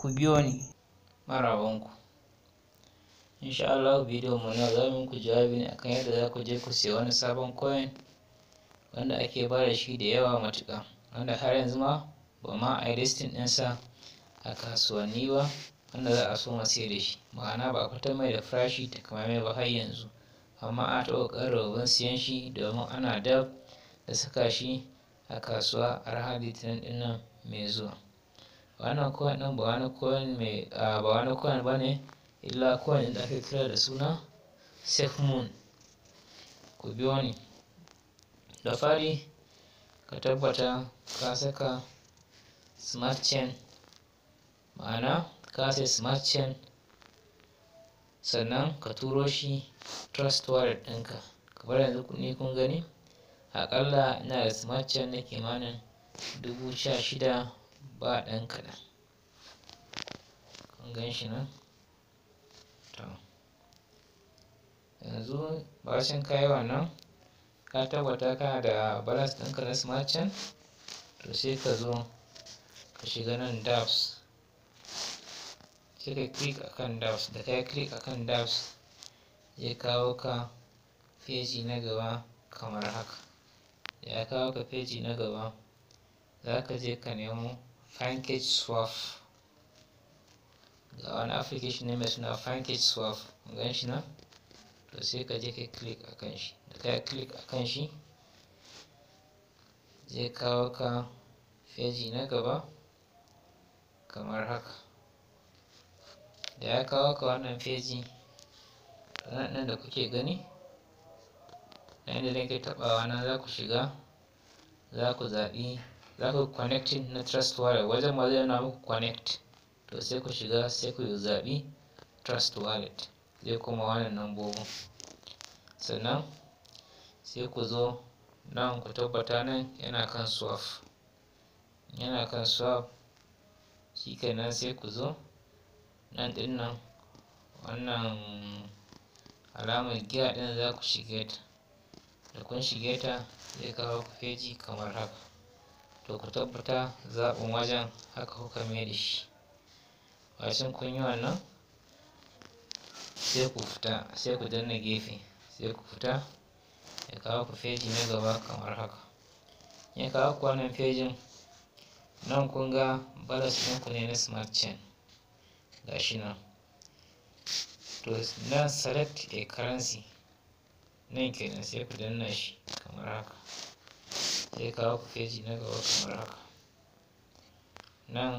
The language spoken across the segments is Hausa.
ku biyo ni marabanku insha Allah bidiyo mu na za mu ku jawabi ne akan yadda za ku je ku siya wani sabon coin wanda ake ba da shi da yawa matuka, wanda har yanzu ma ba ma a yi din sa a kasuwanni ba wanda za a so ma sai da shi ma'ana ba a fitar mai da farashi mai ba har yanzu amma a taɓa ban siyan shi domin ana dab da saka shi a kasuwa a ranar litinin ɗin mai zuwa wannan coin ba wani coin mai ba wani ba ne illa coin da ake kira da suna safe moon ku biyo ni da fari ka tabbata ka saka smart chain ma'ana ka sai smart chain sannan ka turo shi trust wallet ɗinka kamar yanzu ni kun gani aƙalla ina da smart chain na kimanin dubu sha shida ba ɗan kaɗan kun gan shi nan to yanzu bacin kayi wannan ka tabbata kana da balance ɗinka na smart chain to sai ka zo ka shiga nan dapps sai ka click akan dapps da ka click akan dapps zai kawo ka feji na gaba kamar haka ya kawo ka feji na gaba za ka je ka nemo Frankage swap ga wani application ne mai suna Frankage swap gan shi nan to sai ka je ka click a kan shi da ka click a kan shi zai kawo ka feji na gaba kamar haka da ya kawo ka wannan feji nan da kuke gani yayin da nake taɓawa na za ku shiga za ku zaɓi za ku connecting na trust wallet wajen ma zai ku muku connect to sai ku shiga sai ku zaɓi trust wallet zai kuma wannan nambobin sannan sai ku zo nan ku tabbata nan yana kan swap yana kan swap shi shikenan sai ku zo nan ɗin nan wannan alamar giya ɗin za ku shige ta da kun shige ta zai kawo ku feji kamar haka to ku tabbata zaɓin wajen haka kuka mai da shi bacin kun yi wannan sai ku fita sai ku danna gefe sai ku fita ya kawo ku feji na gaba kamar haka ya kawo ku wannan fejin nan kun ga balas ɗinku ne na smart chain ga shi nan to nan select a currency nan kenan sai ku danna shi kamar haka zai kawo ku feji na gaba kamar haka nan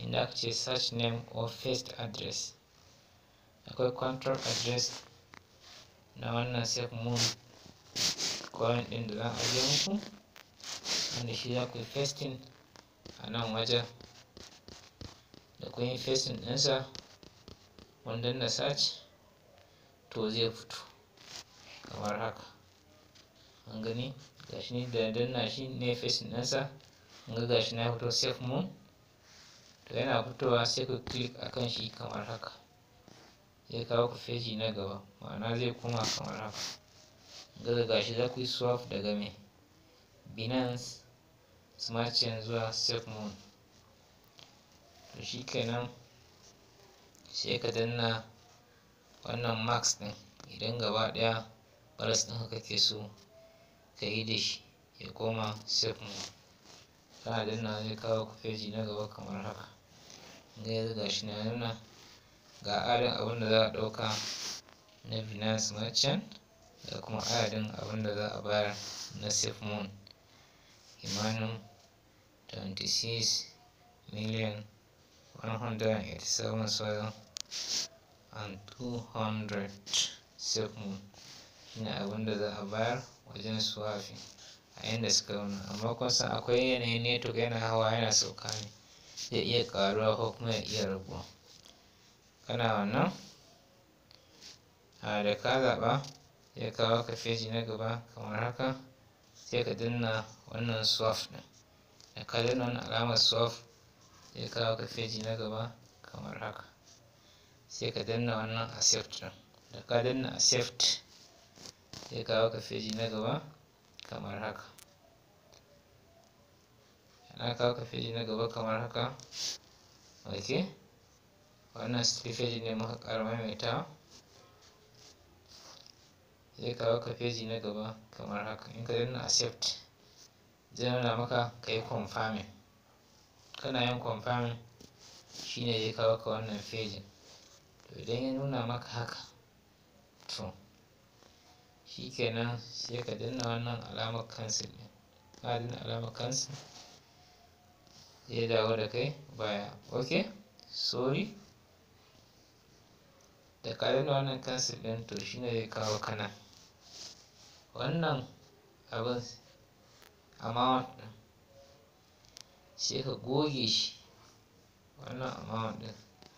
inda aka ce search name or first address akwai control address na wannan safe moon coin ɗin da zan ajiye muku wanda shi za ku yi pasting a nan wajen da kun yi pasting ɗinsa kun na search to zai fito kamar haka an gani gashi ne da danna shi ne facing ɗinsa ga gashi na fito safe moon to yana fitowa sai ku click akan shi kamar haka zai kawo ku feji na gaba ma'ana zai koma kamar haka ga gashi za ku yi swap daga mai binance smart chain zuwa safe moon to shi kenan sai ka danna wannan max ɗin idan gaba ɗaya balas ɗin kake so ka yi da shi ya koma safe mode kana danna zai kawo ku na gaba kamar haka ga yanzu ga shi na nuna ga adadin abin da za a ɗauka na finance merchant da kuma adadin abin da za a bayar na safe moon imanin 26 million 187,200 safe moon shine abin da za a bayar wajen suwafi a yanda suka nuna amma kun san akwai yanayin network yana hawa yana sauka ne zai iya karuwa ko kuma ya iya raguwa kana wannan a da ka zaɓa zai kawo ka feji na gaba kamar haka sai ka danna wannan swaf ɗin da ka danna wannan alamar swaf zai kawo ka feji na gaba kamar haka sai ka danna wannan accept ɗin da ka danna accept sai kawo ka feji na gaba kamar haka na kawo ka feji na gaba kamar haka ok wannan street feji ne muka mai ta sai kawo ka feji na gaba kamar haka in ka danna accept zai nuna maka ka yi confirming kana yin confirming shine zai kawo ka wannan fejin to idan ya nuna maka haka to shikenan sai ka danna wannan alamar cancel ɗin ka danna alamar cancel zai dawo da kai baya ok sorry da ka danna wannan cancel ɗin to shine zai kawo kana wannan abin amount ɗin sai ka goge shi wannan amount ɗin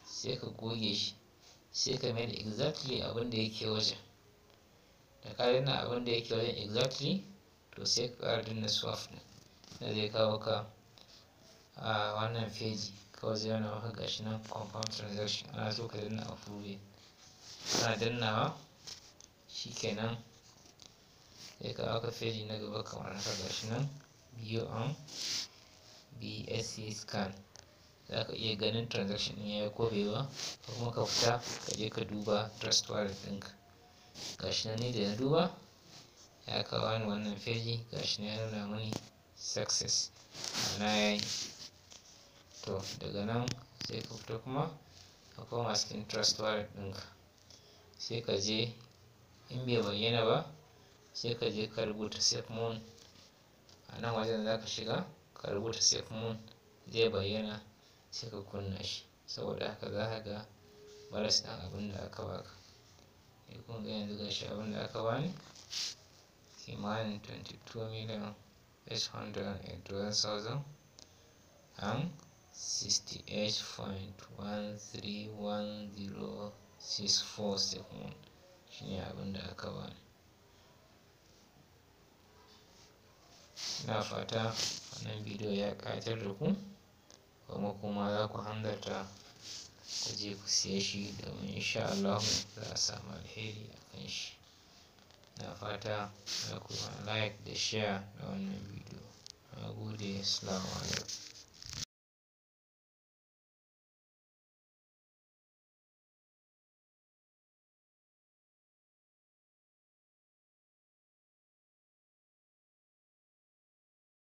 sai ka goge shi sai ka mai da exactly abin da yake wajen da ka daina abin da yake wajen exactly to sai ka daina swap ne da zai kawo ka a wannan feji kawai zai wani maka gashi na confirm transaction ana so ka a daina approve kana dannawa shikenan sai ka feji na gaba kamar haka gashi nan biyu on bsc scan za ka iya ganin transaction ɗin ya yi ko bai ba kuma ka fita ka je ka duba trust wallet ɗinka gashi nan ni da na duba ya kawo ni wannan feji gashi nan ya nuna mini success na yayi to daga nan sai ka fito kuma ka koma cikin trust wallet ɗinka sai ka je in bai bayyana ba sai ka je ka rubuta safe moon a nan wajen za ka shiga ka rubuta safe moon zai bayyana sai ka kunna shi saboda haka za ka ga baras ɗin abin da aka baka sai eh, kun ga yanzu gashi abin da aka bani kimanin 22 million and 68.131064 second shine abin da aka bani ina fata wannan bidiyo ya katar da ku kuma kuma za ku hanzarta su je ku siya shi domin insha Allah za a samu alheri a kan shi. Na fata za ku like da share na wannan bidiyo. Na gode, Assalamu alaikum.